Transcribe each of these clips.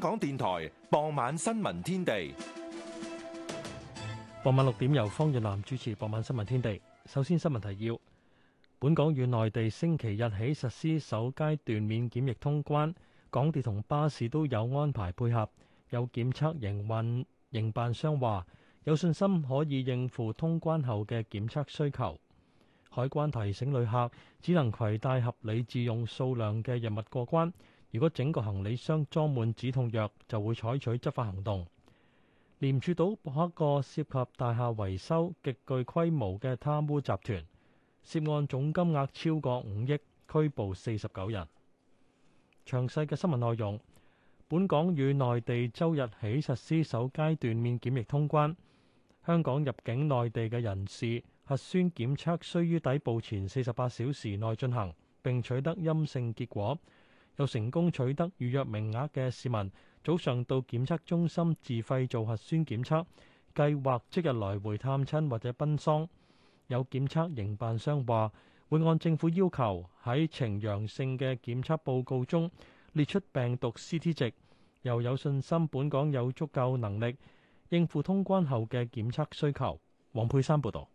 香港電台傍晚新聞天地，傍晚六點由方若南主持。傍晚新聞天地，首先新聞提要：本港與內地星期日起實施首階段免檢疫通關，港鐵同巴士都有安排配合有檢測。營運營辦商話有信心可以應付通關後嘅檢測需求。海關提醒旅客只能攜帶合理自用數量嘅藥物過關。如果整個行李箱裝滿止痛藥，就會採取執法行動。廉署搗破一個涉及大廈維修極具規模嘅貪污集團，涉案總金額超過五億，拘捕四十九人。詳細嘅新聞內容，本港與內地周日起實施首階段免檢疫通關，香港入境內地嘅人士核酸檢測須於抵埗前四十八小時內進行，並取得陰性結果。有成功取得預約名額嘅市民，早上到檢測中心自費做核酸檢測，計劃即日來回探親或者奔喪。有檢測營辦商話，會按政府要求喺呈陽性嘅檢測報告中列出病毒 CT 值，又有信心本港有足夠能力應付通關後嘅檢測需求。黃佩珊報道。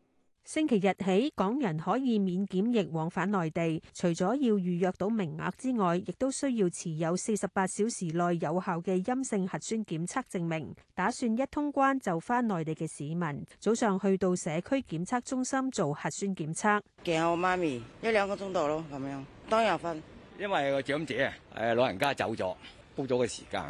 星期日起，港人可以免檢疫往返，返內地，除咗要預約到名額之外，亦都需要持有四十八小時內有效嘅陰性核酸檢測證明。打算一通關就翻內地嘅市民，早上去到社區檢測中心做核酸檢測，叫我媽咪一兩個鐘頭咯，咁樣當日返。因為個長者誒老人家走咗，煲咗個時間，誒、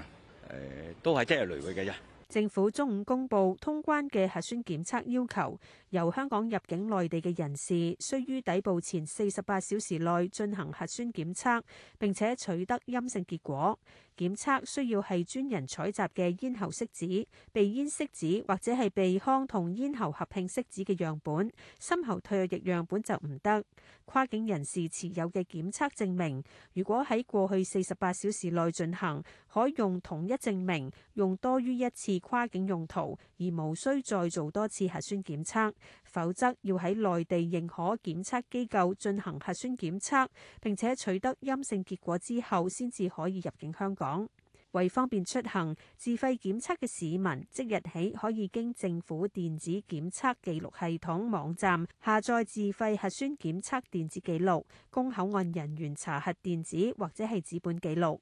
呃、都係真係來回嘅啫。政府中午公布通關嘅核酸檢測要求，由香港入境內地嘅人士，需於抵埗前四十八小時內進行核酸檢測，並且取得陰性結果。檢測需要係專人採集嘅咽喉拭子、鼻咽拭子或者係鼻腔同咽喉合併拭子嘅樣本，深喉唾液樣本就唔得。跨境人士持有嘅檢測證明，如果喺過去四十八小時內進行，可用同一證明，用多於一次跨境用途，而無需再做多次核酸檢測。否則要喺內地認可檢測機構進行核酸檢測，並且取得陰性結果之後，先至可以入境香港。為方便出行，自費檢測嘅市民，即日起可以經政府電子檢測記錄系統網站下載自費核酸檢測電子記錄，供口岸人員查核電子或者係紙本記錄。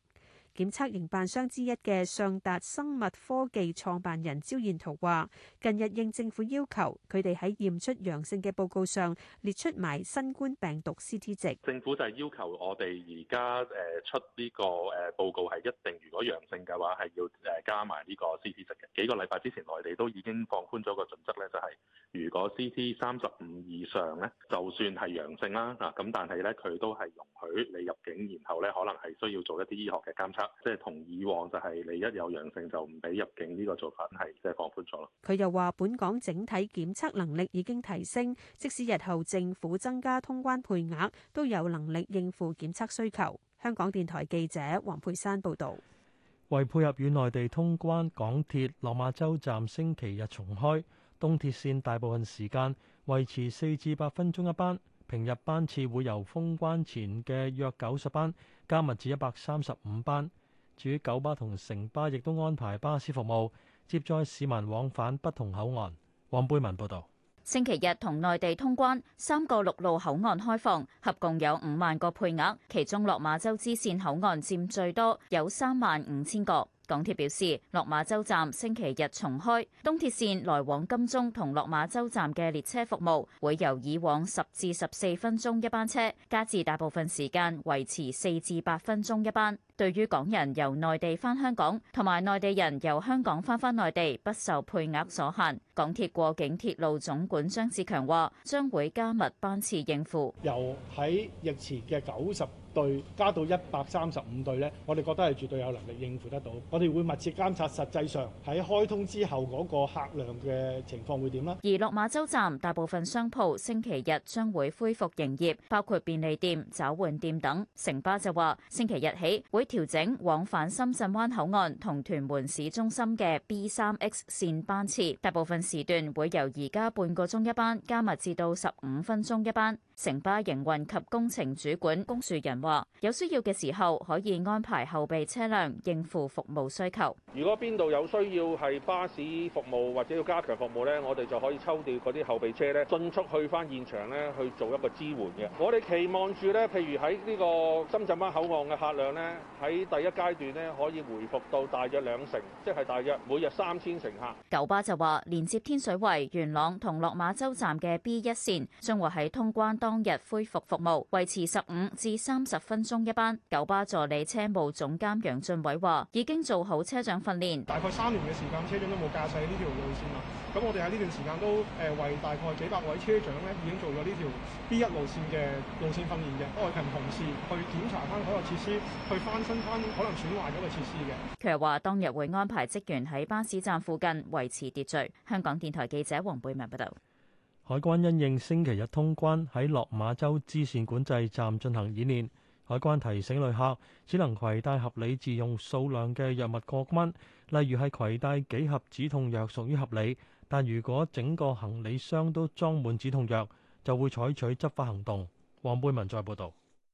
檢測營辦商之一嘅上達生物科技創辦人招彥燾話，近日應政府要求，佢哋喺驗出陽性嘅報告上列出埋新冠病毒 CT 值。政府就係要求我哋而家誒出呢個誒報告係一定，如果陽性嘅話係要誒加埋呢個 CT 值嘅。幾個禮拜之前內地都已經放寬咗個準則咧，就係如果 CT 三十五以上咧，就算係陽性啦，嗱咁但係咧佢都係容許你入境，然後咧可能係需要做一啲醫學嘅監測。即係同以往就係你一有陽性就唔俾入境呢個做法係即係放寬咗咯。佢又話：本港整體檢測能力已經提升，即使日後政府增加通關配額，都有能力應付檢測需求。香港電台記者黃佩珊報導。為配合與內地通關，港鐵落馬洲站星期日重開，東鐵線大部分時間維持四至八分鐘一班，平日班次會由封關前嘅約九十班。加密至一百三十五班，至於九巴同城巴亦都安排巴士服務，接載市民往返不同口岸。黃貝文報道，星期日同內地通關，三個陸路口岸開放，合共有五萬個配額，其中落馬洲支線口岸佔最多，有三萬五千個。港鐵表示，落馬洲站星期日重開，東鐵線來往金鐘同落馬洲站嘅列車服務會由以往十至十四分鐘一班車，加至大部分時間維持四至八分鐘一班。對於港人由內地返香港同埋內地人由香港返返內地不受配額所限，港鐵過境鐵路總管張志強話：將會加密班次應付。由喺疫前嘅九十對加到一百三十五對咧，我哋覺得係絕對有能力應付得到。我哋會密切監察實際上喺開通之後嗰個客量嘅情況會點啦。而落馬洲站大部分商鋪星期日將會恢復營業，包括便利店、找換店等。城巴就話：星期日起會。調整往返深圳灣口岸同屯門市中心嘅 B3X 線班次，大部分時段會由而家半個鐘一班加密至到十五分鐘一班。城巴營運及工程主管龔樹人話：有需要嘅時候可以安排後備車輛應付服務需求。如果邊度有需要係巴士服務或者要加強服務呢，我哋就可以抽調嗰啲後備車呢迅速去翻現場呢去做一個支援嘅。我哋期望住呢，譬如喺呢個深圳灣口岸嘅客量呢，喺第一階段呢可以回復到大約兩成，即係大約每日三千乘客。九巴就話連接天水圍、元朗同落馬洲站嘅 B 一線將會喺通關。當日恢復服務，維持十五至三十分鐘一班。九巴助理車務總監楊俊偉話：已經做好車長訓練，大概三年嘅時間，車長都冇駕駛呢條路線啦。咁我哋喺呢段時間都誒為大概幾百位車長咧，已經做咗呢條 B 一路線嘅路線訓練嘅。我哋同同事去檢查翻嗰個設施，去翻新翻可能損壞嗰個設施嘅。佢又話：當日會安排職員喺巴士站附近維持秩序。香港電台記者黃貝文報道。海關因應星期日通關，喺落馬洲支線管制站進行演練。海關提醒旅客只能攜帶合理自用數量嘅藥物過關，例如係攜帶幾盒止痛藥屬於合理，但如果整個行李箱都裝滿止痛藥，就會採取執法行動。黃貝文再報道。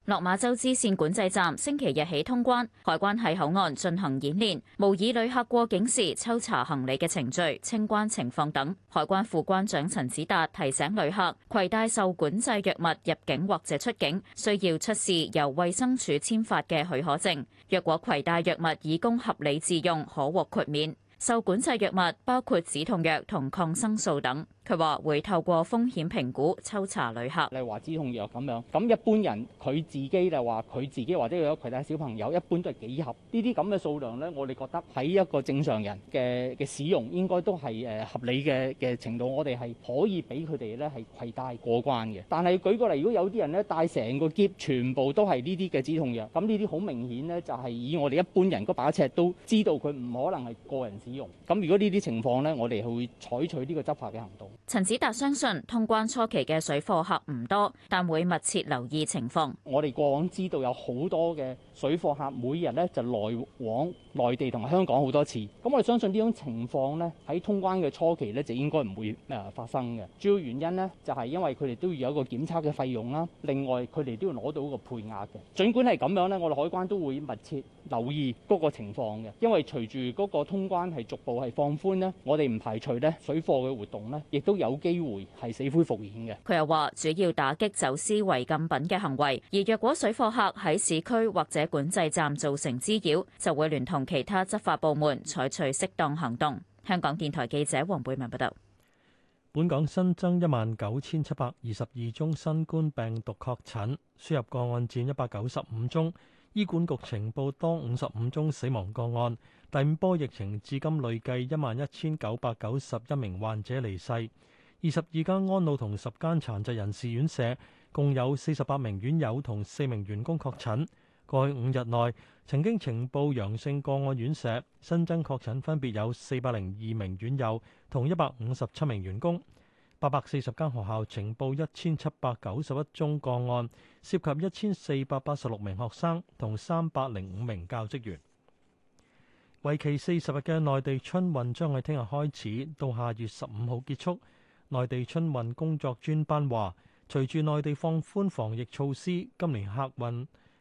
落馬洲支線管制站星期日起通關，海關喺口岸進行演練，模擬旅客過境時抽查行李嘅程序、清關情況等。海關副關長陳子達提醒旅客，攜帶受管制藥物入境或者出境，需要出示由衛生署簽發嘅許可證。若果攜帶藥物以供合理自用，可獲豁免。受管制藥物包括止痛藥同抗生素等。佢話會透過風險評估抽查旅客，例如話止痛藥咁樣。咁一般人佢自己就話佢自己或者有攜帶小朋友，一般都係幾盒呢啲咁嘅數量咧。我哋覺得喺一個正常人嘅嘅使用，應該都係誒合理嘅嘅程度。我哋係可以俾佢哋咧係攜帶過關嘅。但係舉過嚟，如果有啲人咧帶成個篋全部都係呢啲嘅止痛藥，咁呢啲好明顯咧，就係以我哋一般人個把尺都知道佢唔可能係個人使用。咁如果呢啲情況咧，我哋係會採取呢個執法嘅行動。陳子達相信通關初期嘅水貨客唔多，但會密切留意情況。我哋過往知道有好多嘅。水貨客每日咧就來往內地同埋香港好多次，咁我哋相信呢種情況咧喺通關嘅初期咧就應該唔會誒發生嘅。主要原因咧就係因為佢哋都要有一個檢測嘅費用啦，另外佢哋都要攞到一個配額嘅。儘管係咁樣咧，我哋海關都會密切留意嗰個情況嘅，因為隨住嗰個通關係逐步係放寬咧，我哋唔排除咧水貨嘅活動咧亦都有機會係死灰復燃嘅。佢又話：主要打擊走私違禁品嘅行為，而若果水貨客喺市區或者管制站造成滋擾，就會聯同其他執法部門採取適當行動。香港電台記者黃貝文報道，本港新增一萬九千七百二十二宗新冠病毒確診，輸入個案占一百九十五宗。醫管局情報當五十五宗死亡個案，第五波疫情至今累計一萬一千九百九十一名患者離世。二十二間安老同十間殘疾人士院舍，共有四十八名院友同四名員工確診。過去五日內，曾經呈報陽性個案院舍新增確診分別有四百零二名院友同一百五十七名員工。八百四十間學校呈報一千七百九十一宗個案，涉及一千四百八十六名學生同三百零五名教職員。為期四十日嘅內地春運將喺聽日開始，到下月十五號結束。內地春運工作專班話，隨住內地放寬防疫措施，今年客運。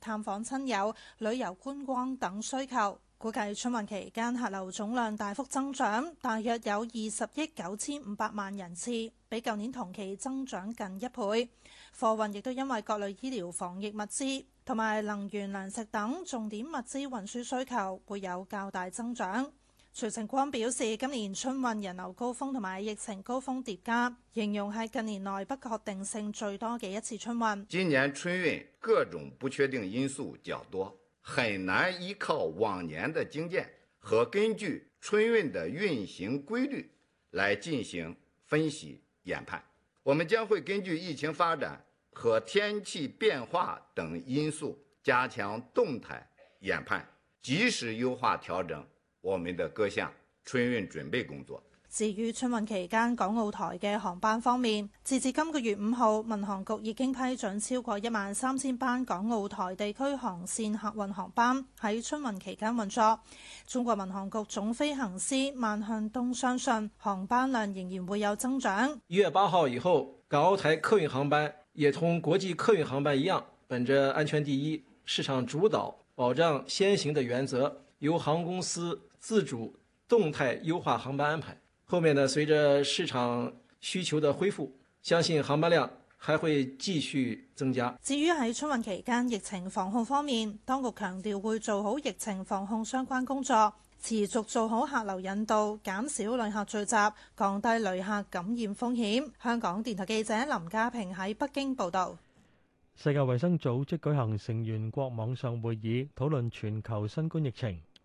探訪親友、旅遊觀光等需求，估計春運期間客流總量大幅增長，大約有二十億九千五百萬人次，比舊年同期增長近一倍。貨運亦都因為各類醫療防疫物資同埋能源糧食等重點物資運輸需求，會有較大增長。徐成光表示，今年春運人流高峰同埋疫情高峰疊加，形容係近年來不確定性最多嘅一次春運。今年春運各種不確定因素較多，很難依靠往年的經驗和根據春運的運行規律來進行分析研判。我們將會根據疫情發展和天氣變化等因素，加強動態研判，及時優化調整。我們的各項春運準備工作。至於春運期間港澳台嘅航班方面，截至今個月五號，民航局已經批准超過一萬三千班港澳台地區航線客運航班喺春運期間運作。中國民航局總飛行師萬向東相信，航班量仍然會有增長。一月八號以後，港澳台客運航班也同國際客運航班一樣，本着安全第一、市場主導、保障先行的原則，由航空公司自主動態優化航班安排。後面呢，隨着市場需求的恢復，相信航班量還會繼續增加。至於喺春運期間疫情防控方面，當局強調會做好疫情防控相關工作，持續做好客流引導，減少旅客聚集，降低旅客感染風險。香港電台記者林家平喺北京報道。世界衛生組織舉行成員國網上會議，討論全球新冠疫情。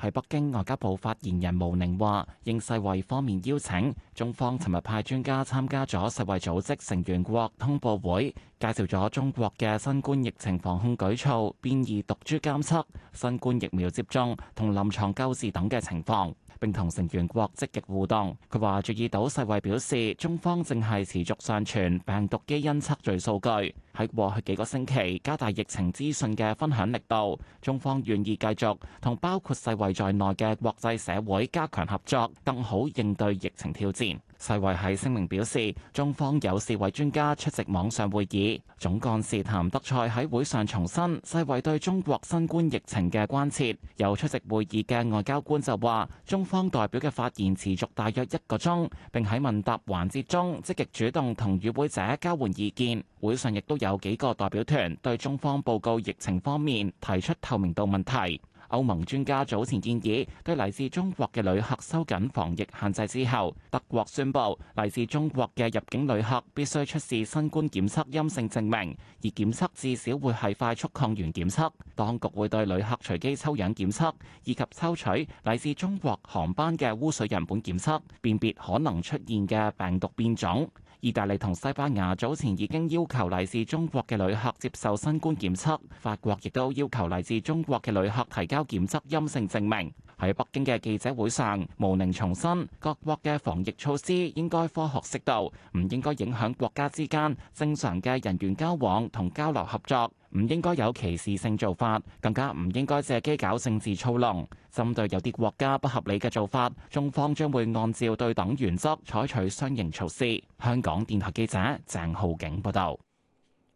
喺北京外交部發言人毛寧話應世衛方面邀請，中方尋日派專家參加咗世衛組織成員國通報會，介紹咗中國嘅新冠疫情防控舉措、變異毒株監測、新冠疫苗接種同臨牀救治等嘅情況。並同成員國積極互動。佢話注意到世衛表示中方正係持續上傳病毒基因測序數據，喺過去幾個星期加大疫情資訊嘅分享力度。中方願意繼續同包括世衛在內嘅國際社會加強合作，更好應對疫情挑戰。世衛喺聲明表示，中方有四位專家出席網上會議。總幹事譚德塞喺會上重申世衛對中國新冠疫情嘅關切。有出席會議嘅外交官就話，中方代表嘅發言持續大約一個鐘，並喺問答環節中積極主動同與會者交換意見。會上亦都有幾個代表團對中方報告疫情方面提出透明度問題。歐盟專家早前建議對嚟自中國嘅旅客收緊防疫限制之後，德國宣布嚟自中國嘅入境旅客必須出示新冠檢測陰性證明，而檢測至少會係快速抗原檢測。當局會對旅客隨機抽樣檢測，以及抽取嚟自中國航班嘅污水樣本檢測，辨別可能出現嘅病毒變種。意大利同西班牙早前已經要求嚟自中國嘅旅客接受新冠檢測，法國亦都要求嚟自中國嘅旅客提交檢測陰性證明。喺北京嘅記者會上，毛寧重申，各國嘅防疫措施應該科學適度，唔應該影響國家之間正常嘅人員交往同交流合作，唔應該有歧視性做法，更加唔應該借機搞政治操弄。針對有啲國家不合理嘅做法，中方將會按照對等原則採取相應措施。香港電台記者鄭浩景報道。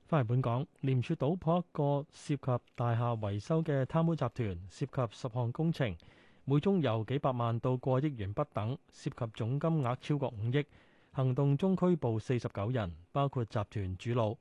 翻嚟本港，廉署搗破一個涉及大廈維修嘅貪污集團，涉及十項工程，每宗由幾百萬到過億元不等，涉及總金額超過五億。行動中拘捕四十九人，包括集團主腦。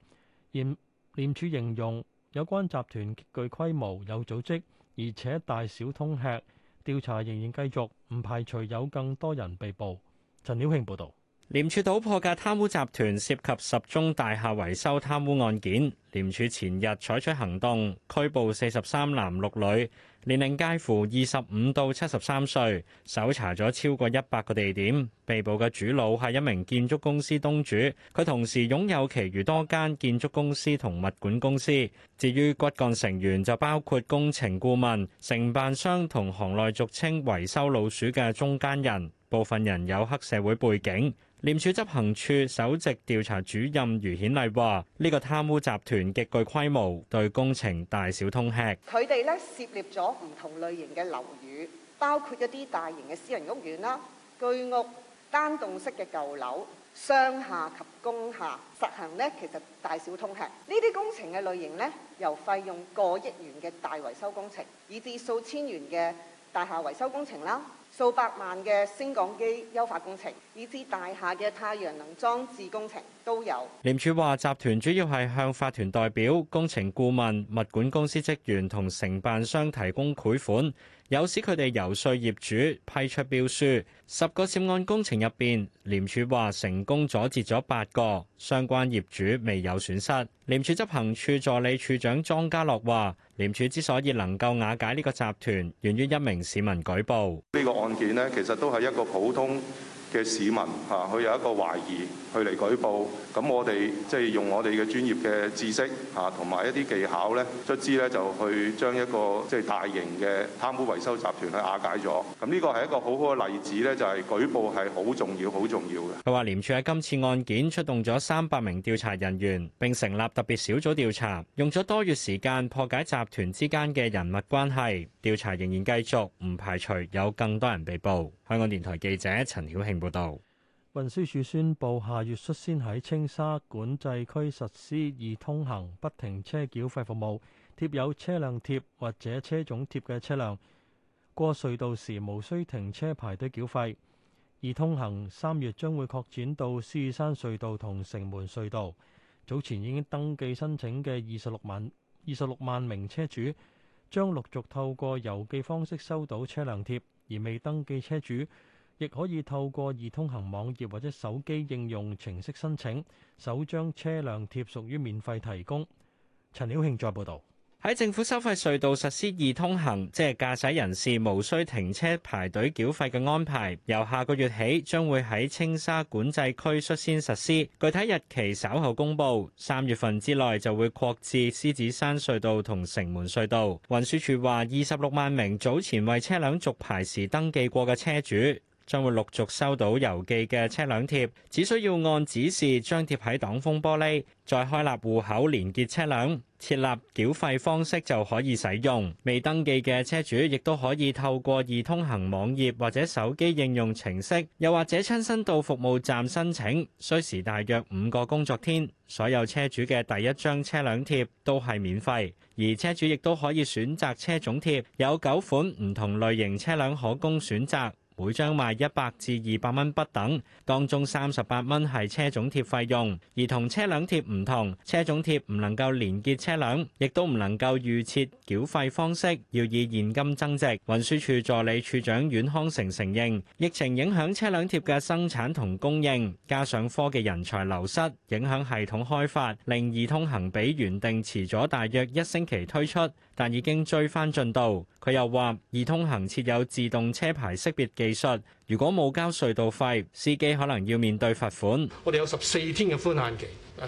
嚴廉署形容有關集團具規模、有組織，而且大小通吃。調查仍然繼續，唔排除有更多人被捕。陳曉慶報導。廉署搗破嘅貪污集團涉及十宗大廈維修貪污案件。廉署前日採取行動，拘捕四十三男六女，年齡介乎二十五到七十三歲，搜查咗超過一百個地點。被捕嘅主腦係一名建築公司東主，佢同時擁有其餘多間建築公司同物管公司。至於骨幹成員就包括工程顧問、承辦商同行內俗稱維修老鼠嘅中間人，部分人有黑社會背景。廉署執行處首席調查主任余顯麗話：呢、這個貪污集團極具規模，對工程大小通吃。佢哋咧涉獵咗唔同類型嘅樓宇，包括一啲大型嘅私人屋苑啦、居屋、單棟式嘅舊樓、商廈及工廈，實行咧其實大小通吃。呢啲工程嘅類型咧，由費用過億元嘅大維修工程，以至數千元嘅大廈維修工程啦。數百萬嘅升降機優化工程，以至大廈嘅太陽能裝置工程都有。廉署話，集團主要係向法團代表、工程顧問、物管公司職員同承辦商提供賄款。有時佢哋遊說業主批出標書，十個涉案工程入邊，廉署話成功阻截咗八個，相關業主未有損失。廉署執行處助理處長莊家樂話，廉署之所以能夠瓦解呢個集團，源於一名市民舉報。呢個案件呢，其實都係一個普通嘅市民，吓，佢有一個懷疑。佢嚟舉報，咁我哋即係用我哋嘅專業嘅知識啊，同埋一啲技巧呢，卒之呢，就去將一個即係大型嘅貪污維修集團去瓦解咗。咁呢個係一個好好嘅例子，呢就係舉報係好重要、好重要嘅。佢話廉署喺今次案件出動咗三百名調查人員，並成立特別小組調查，用咗多月時間破解集團之間嘅人物關係。調查仍然繼續，唔排除有更多人被捕。香港電台記者陳曉慶報道。運輸署宣布，下月率先喺青沙管制區實施易通行不停車繳費服務，貼有車輛貼或者車種貼嘅車輛過隧道時無需停車排隊繳費。易通行三月將會擴展到獅子山隧道同城門隧道。早前已經登記申請嘅二十六萬二十六萬名車主將陸續透過郵寄方式收到車輛貼，而未登記車主。亦可以透過易通行網頁或者手機應用程式申請，首張車輛貼屬於免費提供。陳曉慶再報道：喺政府收費隧道實施易通行，即係駕駛人士無需停車排隊繳費嘅安排，由下個月起將會喺青沙管制區率先實施，具體日期稍後公佈。三月份之內就會擴至獅子山隧道同城門隧道。運輸署話：二十六萬名早前為車輛續牌時登記過嘅車主。將會陸續收到郵寄嘅車輛貼，只需要按指示張貼喺擋風玻璃，再開立戶口連結車輛，設立繳費方式就可以使用。未登記嘅車主亦都可以透過易通行網頁或者手機應用程式，又或者親身到服務站申請，需時大約五個工作天。所有車主嘅第一張車輛貼都係免費，而車主亦都可以選擇車種貼，有九款唔同類型車輛可供選擇。每張賣一百至二百蚊不等，當中三十八蚊係車種貼費用，而同車輛貼唔同，車種貼唔能夠連結車輛，亦都唔能夠預設繳費方式，要以現金增值。運輸署助理處長阮康成承認，疫情影響車輛貼嘅生產同供應，加上科技人才流失，影響系統開發，令易通行比原定遲咗大約一星期推出，但已經追翻進度。佢又話，易通行設有自動車牌識別嘅技術，如果冇交隧道費，司機可能要面對罰款。我哋有十四天嘅寬限期，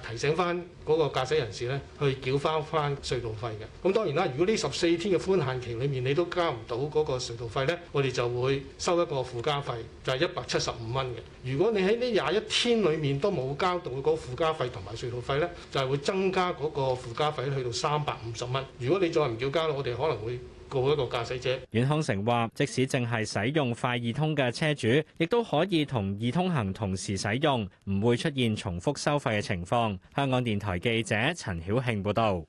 提醒翻嗰個駕駛人士咧，去繳交翻隧道費嘅。咁當然啦，如果呢十四天嘅寬限期裏面你都交唔到嗰個隧道費咧，我哋就會收一個附加費，就係一百七十五蚊嘅。如果你喺呢廿一天裏面都冇交到嗰個附加費同埋隧道費咧，就係會增加嗰個附加費去到三百五十蚊。如果你再唔繳交，我哋可能會告一個駕駛者。阮康成話：即使淨係使用快二通嘅車主，亦都可以同二通行同時使用，唔會出現重複收費嘅情況。香港電台記者陳曉慶報導。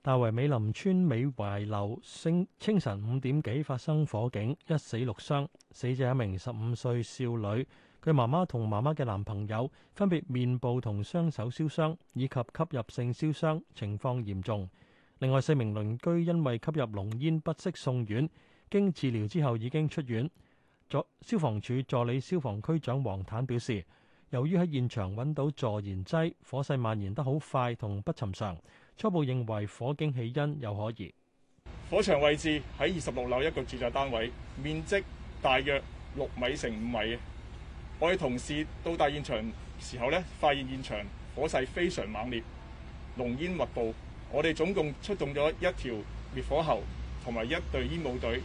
大圍美林村美懷樓星清晨五點幾發生火警，一死六傷。死者一名十五歲少女，佢媽媽同媽媽嘅男朋友分別面部同雙手燒傷，以及吸入性燒傷，情況嚴重。另外四名鄰居因為吸入濃煙不適，送院，經治療之後已經出院。助消防處助理消防區長黃坦表示，由於喺現場揾到助燃劑，火勢蔓延得好快同不尋常，初步認為火警起因有可疑。火場位置喺二十六樓一個住宅單位，面積大約六米乘五米。我哋同事到達現場時候呢，發現現場火勢非常猛烈，濃煙密布。我哋總共出動咗一條滅火喉同埋一隊煙霧隊，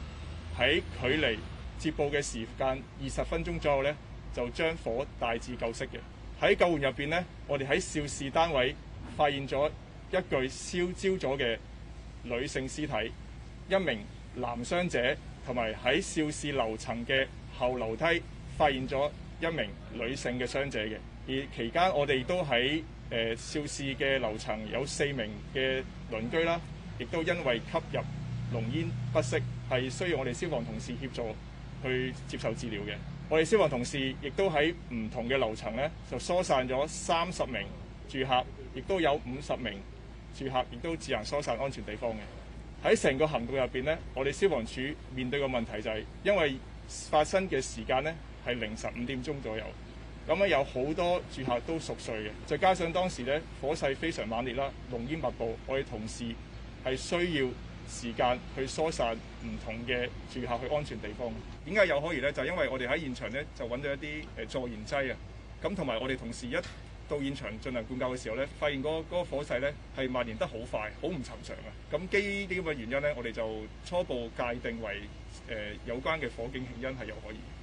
喺距離接報嘅時間二十分鐘左右呢，就將火大致救熄嘅。喺救援入邊呢，我哋喺肇事單位發現咗一具燒焦咗嘅女性屍體，一名男傷者，同埋喺肇事樓層嘅後樓梯發現咗一名女性嘅傷者嘅。而期間我哋都喺誒肇事嘅樓層有四名嘅鄰居啦，亦都因為吸入濃煙不適，係需要我哋消防同事協助去接受治療嘅。我哋消防同事亦都喺唔同嘅樓層咧，就疏散咗三十名住客，亦都有五十名住客亦都自行疏散安全地方嘅。喺成個行動入邊咧，我哋消防處面對嘅問題就係因為發生嘅時間咧，係凌晨五點鐘左右。咁咧、嗯、有好多住客都熟睡嘅，再加上當時咧火勢非常猛烈啦，濃煙密布，我哋同事係需要時間去疏散唔同嘅住客去安全地方。點解有可疑呢？就係、因為我哋喺現場咧就揾到一啲誒、呃、助燃劑啊，咁同埋我哋同事一到現場進行灌救嘅時候咧，發現嗰、嗰、嗰、個嗰個火勢咧係蔓延得好快，好唔尋常啊！咁基於呢啲咁嘅原因咧，我哋就初步界定為誒、呃、有關嘅火警起因係有可疑。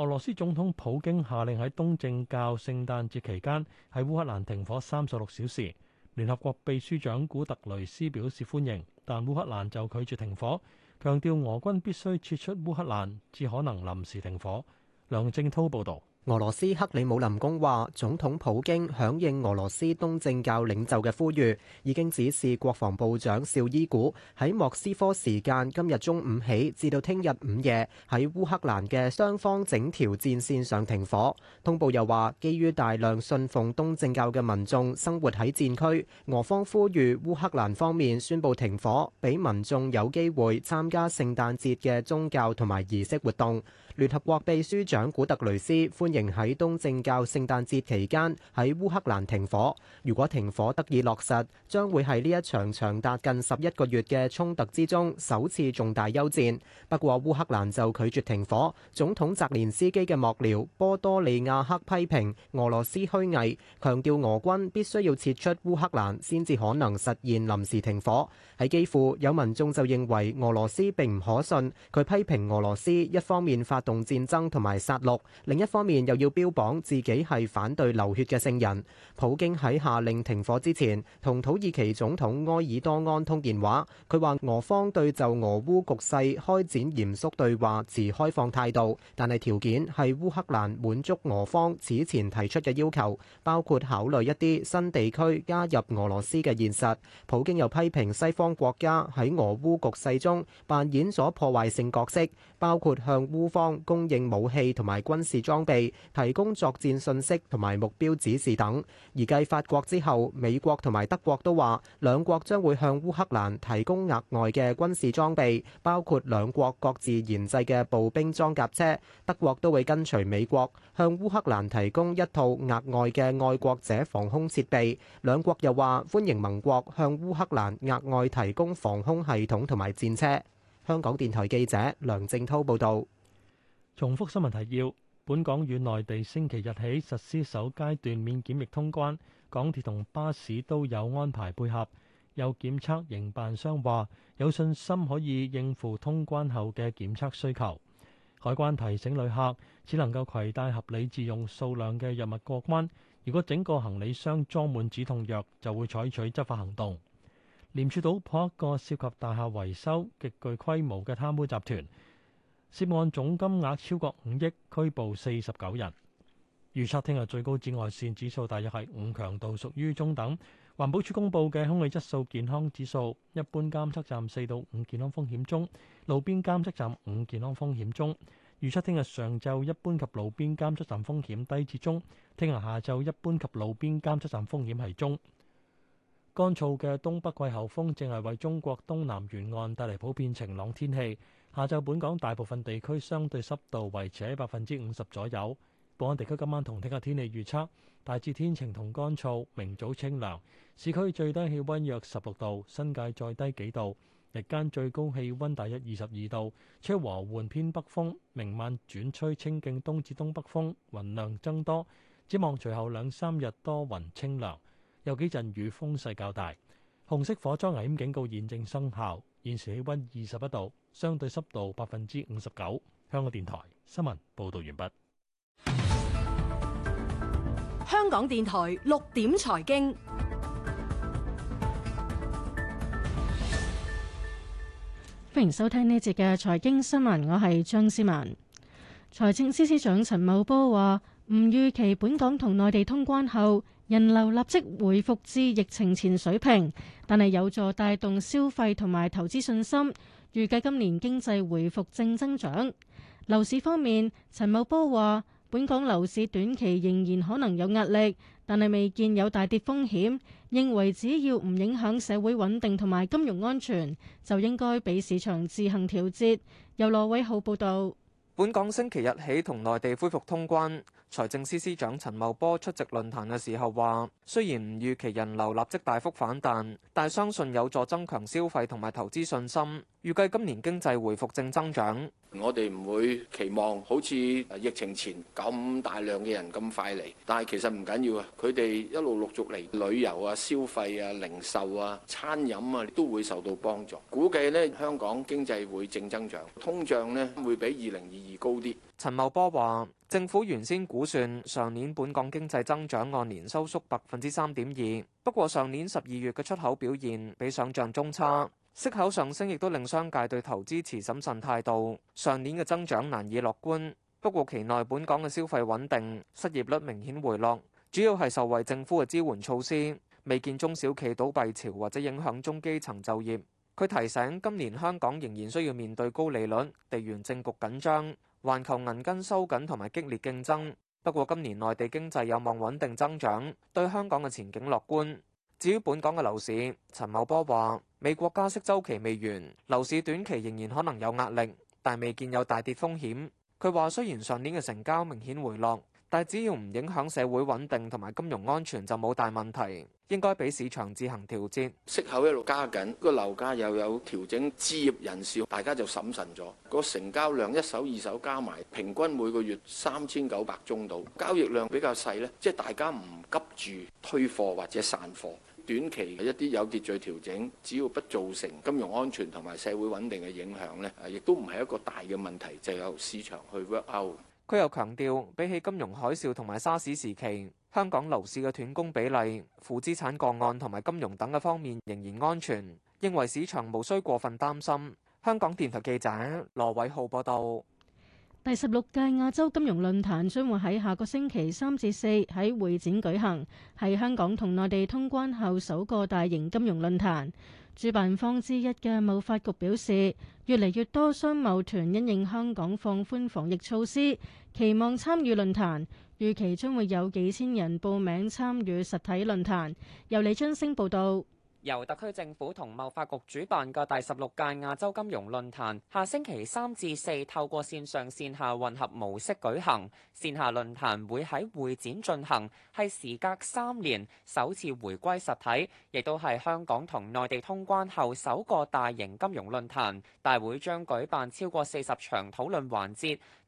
俄羅斯總統普京下令喺東正教聖誕節期間喺烏克蘭停火三十六小時。聯合國秘書長古特雷斯表示歡迎，但烏克蘭就拒絕停火，強調俄軍必須撤出烏克蘭，至可能臨時停火。梁正濤報道。俄羅斯克里姆林宮話，總統普京響應俄羅斯東正教領袖嘅呼籲，已經指示國防部長紹伊古喺莫斯科時間今日中午起至到聽日午夜喺烏克蘭嘅雙方整條戰線上停火。通報又話，基於大量信奉東正教嘅民眾生活喺戰區，俄方呼籲烏克蘭方面宣布停火，俾民眾有機會參加聖誕節嘅宗教同埋儀式活動。聯合國秘書長古特雷斯歡迎喺東正教聖誕節期間喺烏克蘭停火。如果停火得以落實，將會係呢一場長達近十一個月嘅衝突之中首次重大休戰。不過烏克蘭就拒絕停火。總統澤連斯基嘅幕僚波多利亞克批評俄羅斯虛偽，強調俄軍必須要撤出烏克蘭先至可能實現臨時停火。喺基輔有民眾就認為俄羅斯並唔可信。佢批評俄羅斯一方面發用戰爭同埋殺戮，另一方面又要標榜自己係反對流血嘅聖人。普京喺下令停火之前，同土耳其總統埃爾多安通電話，佢話俄方對就俄烏局勢開展嚴肅對話，持開放態度，但係條件係烏克蘭滿足俄方此前提出嘅要求，包括考慮一啲新地區加入俄羅斯嘅現實。普京又批評西方國家喺俄烏局勢中扮演咗破壞性角色，包括向烏方供應武器同埋軍事裝備，提供作戰信息同埋目標指示等。而繼法國之後，美國同埋德國都話，兩國將會向烏克蘭提供額外嘅軍事裝備，包括兩國各自研製嘅步兵裝甲車。德國都會跟隨美國向烏克蘭提供一套額外嘅愛國者防空設備。兩國又話歡迎盟國向烏克蘭額外提供防空系統同埋戰車。香港電台記者梁正濤報道。重複新聞提要：本港與內地星期日起實施首階段免檢疫通關，港鐵同巴士都有安排配合。有檢測營辦商話有信心可以應付通關後嘅檢測需求。海關提醒旅客只能夠攜帶合理自用數量嘅藥物過關，如果整個行李箱裝滿止痛藥，就會採取執法行動。廉署搗破一個涉及大廈維修極具規模嘅貪污集團。涉案總金額超過五億，拘捕四十九人。預測聽日最高紫外線指數大約係五，強度屬於中等。環保署公佈嘅空氣質素健康指數，一般監測站四到五健康風險中，路邊監測站五健康風險中。預測聽日上晝一般及路邊監測站風險低至中，聽日下晝一般及路邊監測站風險係中。乾燥嘅東北季候風正係為中國東南沿岸帶嚟普遍晴朗天氣。下晝本港大部分地區相對濕度維持喺百分之五十左右。本港地區今晚同聽日天氣預測大致天晴同乾燥，明早清涼，市區最低氣溫約十六度，新界再低幾度。日間最高氣溫大約二十二度，吹和緩偏北風，明晚轉吹清勁東至東北風，雲量增多。展望隨後兩三日多雲清涼有幾陣雨，風勢較大。紅色火災危險警告現正生效，現時氣溫二十一度，相對濕度百分之五十九。香港電台新聞報道完畢。香港電台六點財經，歡迎收聽呢節嘅財經新聞，我係張思文。財政司司長陳茂波話：唔預期本港同內地通關後。人流立即回復至疫情前水平，但係有助帶動消費同埋投資信心，預計今年經濟回復正增長。樓市方面，陳茂波話：本港樓市短期仍然可能有壓力，但係未見有大跌風險。認為只要唔影響社會穩定同埋金融安全，就應該俾市場自行調節。由羅偉浩報導。本港星期日起同內地恢復通關，財政司司長陳茂波出席論壇嘅時候話，雖然唔預期人流立即大幅反彈，但相信有助增強消費同埋投資信心。預計今年經濟回復正增長。我哋唔會期望好似疫情前咁大量嘅人咁快嚟，但係其實唔緊要啊。佢哋一路陸續嚟旅遊啊、消費啊、零售啊、餐飲啊，都會受到幫助。估計咧，香港經濟會正增長，通脹咧會比二零二二。高啲。陳茂波話：政府原先估算上年本港經濟增長按年收縮百分之三點二，不過上年十二月嘅出口表現比想像中差，息口上升亦都令商界對投資持審慎態度。上年嘅增長難以樂觀。不過期內本港嘅消費穩定，失業率明顯回落，主要係受惠政府嘅支援措施，未見中小企倒閉潮或者影響中基層就業。佢提醒，今年香港仍然需要面對高利率、地緣政局緊張、環球銀根收緊同埋激烈競爭。不過，今年內地經濟有望穩定增長，對香港嘅前景樂觀。至於本港嘅樓市，陳茂波話：美國加息週期未完，樓市短期仍然可能有壓力，但未見有大跌風險。佢話：雖然上年嘅成交明顯回落，但只要唔影響社會穩定同埋金融安全就冇大問題，應該俾市場自行調節。息口一路加緊，個樓價又有調整，置業人士大家就審慎咗。個成交量一手二手加埋，平均每個月三千九百宗度。交易量比較細咧，即係大家唔急住推貨或者散貨。短期係一啲有秩序調整，只要不造成金融安全同埋社會穩定嘅影響咧，亦都唔係一個大嘅問題，就由市場去 work out。佢又強調，比起金融海嘯同埋沙士時期，香港樓市嘅斷供比例、負資產個案同埋金融等嘅方面仍然安全，認為市場無需過分擔心。香港電台記者羅偉浩報道。第十六屆亞洲金融論壇將會喺下個星期三至四喺會展舉行，係香港同內地通關後首個大型金融論壇。主辦方之一嘅貿發局表示，越嚟越多商貿團因應香港放寬防疫措施。期望參與論壇，預期將會有幾千人報名參與實體論壇。由李春升報導，由特區政府同貿發局主辦嘅第十六屆亞洲金融論壇，下星期三至四透過線上線下混合模式舉行。線下論壇會喺會展進行，係時隔三年首次回歸實體，亦都係香港同內地通關後首個大型金融論壇。大會將舉辦超過四十場討論環節。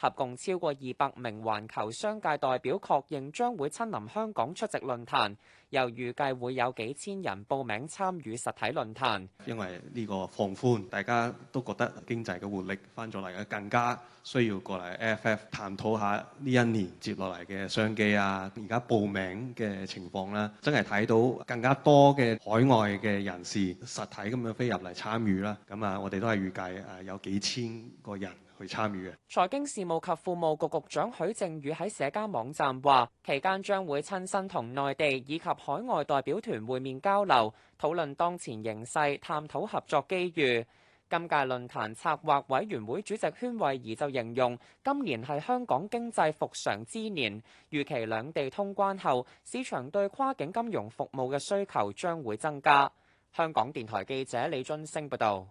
合共超過二百名環球商界代表確認將會親臨香港出席論壇，又預計會有幾千人報名參與實體論壇。因為呢個放寬，大家都覺得經濟嘅活力翻咗嚟，更加需要過嚟 FF 探討下呢一年接落嚟嘅商機啊。而家報名嘅情況啦，真係睇到更加多嘅海外嘅人士實體咁樣飛入嚟參與啦。咁啊，我哋都係預計誒有幾千個人。參與嘅財經事務及庫務局局長許正宇喺社交網站話：期間將會親身同內地以及海外代表團會面交流，討論當前形勢，探討合作機遇。今屆論壇策劃委員會主席禤惠儀就形容今年係香港經濟復常之年，預期兩地通關後，市場對跨境金融服務嘅需求將會增加。香港電台記者李俊升報道。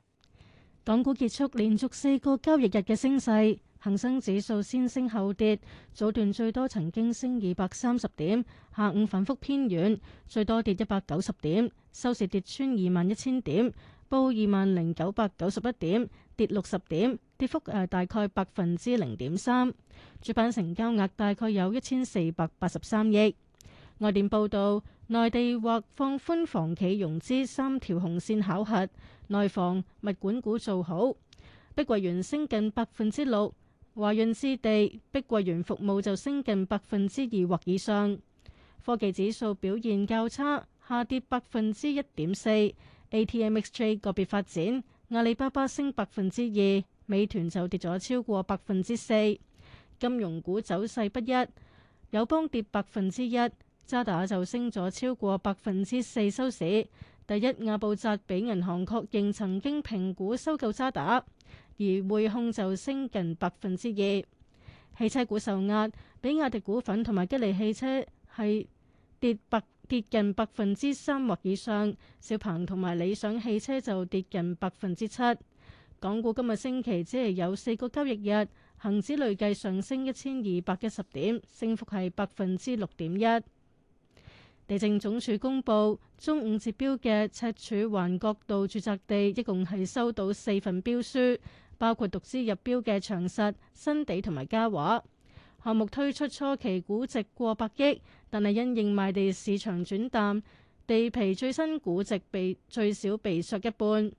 港股結束連續四個交易日嘅升勢，恒生指數先升後跌，早段最多曾經升二百三十點，下午反覆偏軟，最多跌一百九十點，收市跌穿二萬一千點，報二萬零九百九十一點，跌六十點，跌幅誒大概百分之零點三。主板成交額大概有一千四百八十三億。外電報道，內地或放寬房企融資三條紅線考核。內房物管股做好，碧桂園升近百分之六，華潤置地、碧桂園服務就升近百分之二或以上。科技指數表現較差，下跌百分之一點四。A T M X J 個別發展，阿里巴巴升百分之二，美團就跌咗超過百分之四。金融股走勢不一，友邦跌百分之一，渣打就升咗超過百分之四收市。第一亞布扎比銀行確認曾經評估收購渣打，而匯控就升近百分之二。汽車股受壓，比亞迪股份同埋吉利汽車係跌百跌近百分之三或以上，小鵬同埋理想汽車就跌近百分之七。港股今個星期只係有四個交易日，恒指累計上升一千二百一十點，升幅係百分之六點一。地政總署公佈中午截標嘅赤柱環角道住宅地，一共係收到四份標書，包括獨資入標嘅長實、新地同埋嘉華。項目推出初期估值過百億，但係因應賣地市場轉淡，地皮最新估值被最少被削一半。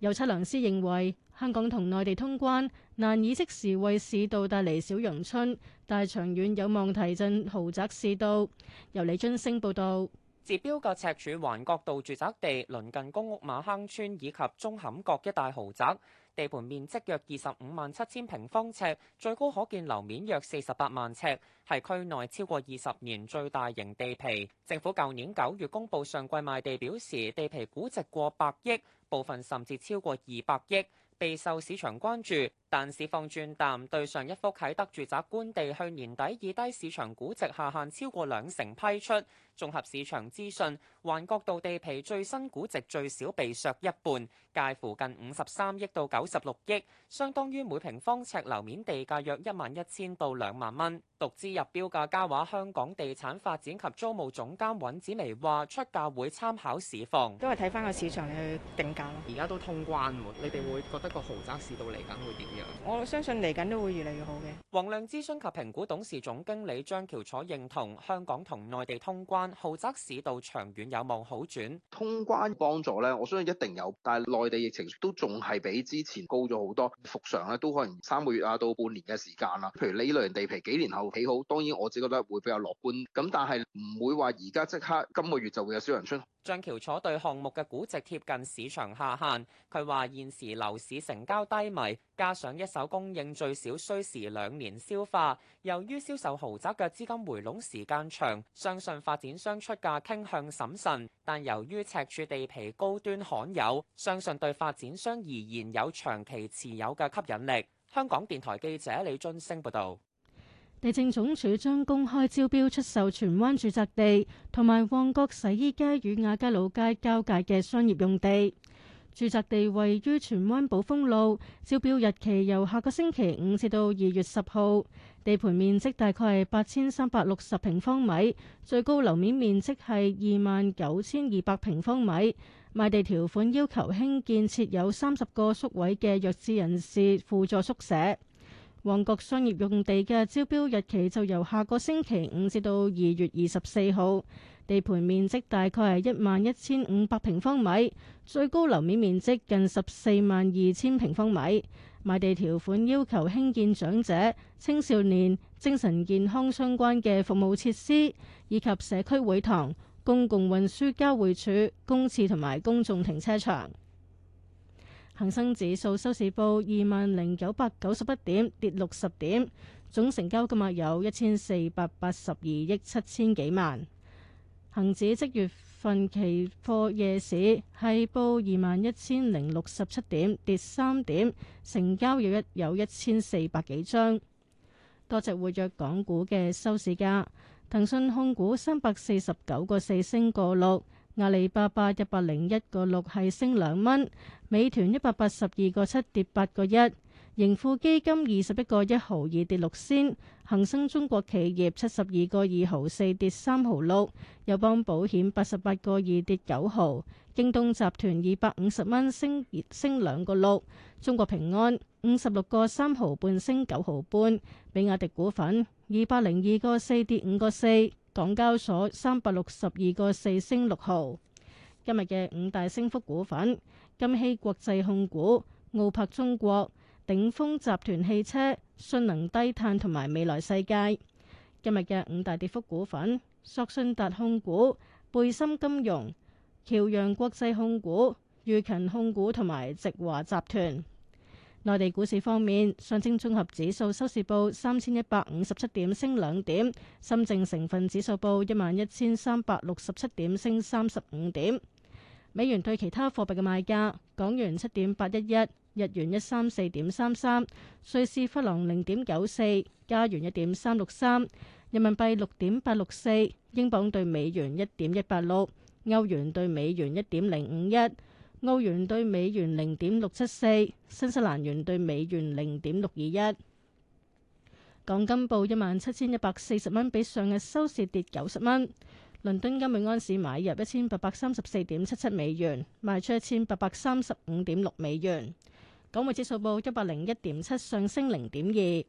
有測量師認為，香港同內地通關難以即時為市道帶嚟小陽春。大長遠有望提振豪宅市道。由李津升報導。截標嘅赤柱環角道住宅地鄰近公屋馬坑村以及舂坎角一帶豪宅，地盤面積約二十五萬七千平方尺，最高可建樓面約四十八萬尺，係區內超過二十年最大型地皮。政府舊年九月公佈上季賣地表示，地皮估值過百億，部分甚至超過二百億，備受市場關注。但市況轉淡，對上一幅啟德住宅官地，去年底以低市場估值下限超過兩成批出。綜合市場資訊，環角道地皮最新估值最少被削一半，介乎近五十三億到九十六億，相當於每平方尺樓面地價約一萬一千到兩萬蚊。獨資入標嘅嘉華香港地產發展及租務總監尹子薇話：出價會參考市況，都係睇翻個市場你去定價咯。而家都通關喎，你哋會覺得個豪宅市道嚟緊會點樣？我相信嚟緊都會越嚟越好嘅。宏亮諮詢及評估董事總經理張翹楚認同香港同內地通關，豪宅市道長遠有望好轉。通關幫助呢，我相信一定有，但係內地疫情都仲係比之前高咗好多，復常呢都可能三個月啊到半年嘅時間啦。譬如你類地皮幾年後起好，當然我自己覺得會比較樂觀，咁但係唔會話而家即刻今個月就會有小陽春。張翹楚對項目嘅估值貼近市場下限，佢話現時樓市成交低迷，加上一手供應最少需時兩年消化，由於銷售豪宅嘅資金回籠時間長，相信發展商出價傾向審慎。但由於赤柱地皮高端罕有，相信對發展商而言有長期持有嘅吸引力。香港電台記者李津升報道，地政總署將公開招標出售荃灣住宅地同埋旺角洗衣街與亞皆老街交界嘅商業用地。住宅地位於荃灣寶豐路，招標日期由下個星期五至到二月十號。地盤面積大概係八千三百六十平方米，最高樓面面積係二萬九千二百平方米。賣地條款要求興建設有三十個宿位嘅弱智人士輔助宿舍。旺角商業用地嘅招標日期就由下個星期五至到二月二十四號。地盤面積大概係一萬一千五百平方米，最高樓面面積近十四萬二千平方米。買地條款要求興建長者、青少年、精神健康相關嘅服務設施，以及社區會堂、公共運輸交匯處、公廁同埋公眾停車場。恒生指數收市報二萬零九百九十一點，跌六十點，總成交金額有一千四百八十二億七千幾萬。恒指即月份期貨夜市係報二萬一千零六十七點，跌三點，成交有一有一千四百幾張。多隻活躍港股嘅收市價：騰訊控股三百四十九個四升個六，阿里巴巴一百零一個六係升兩蚊，美團一百八十二個七跌八個一，盈富基金二十一個一毫二跌六仙。恒生中國企業七十二個二毫四跌三毫六，友邦保險八十八個二跌九毫，京東集團二百五十蚊升升兩個六，中國平安五十六個三毫半升九毫半，比亞迪股份二百零二個四跌五個四，港交所三百六十二個四升六毫。今日嘅五大升幅股份：金禧國際控股、奧柏中國。頂峰集團汽車、信能低碳同埋未來世界。今日嘅五大跌幅股份：索信達控股、貝森金融、僑洋國際控股、裕勤控股同埋直華集團。內地股市方面，上證綜合指數收市報三千一百五十七點，升兩點；深證成分指數報一萬一千三百六十七點，升三十五點。美元對其他貨幣嘅賣價：港元七點八一一。日元一三四點三三，瑞士法郎零點九四，加元一點三六三，人民幣六點八六四，英鎊兌美元一點一八六，歐元兌美元一點零五一，澳元兌美元零點六七四，新西蘭元兌美元零點六二一。港金報一萬七千一百四十蚊，比上日收市跌九十蚊。倫敦金每安士買入一千八百三十四點七七美元，賣出一千八百三十五點六美元。港匯指數報一百零一點七，上升零點二。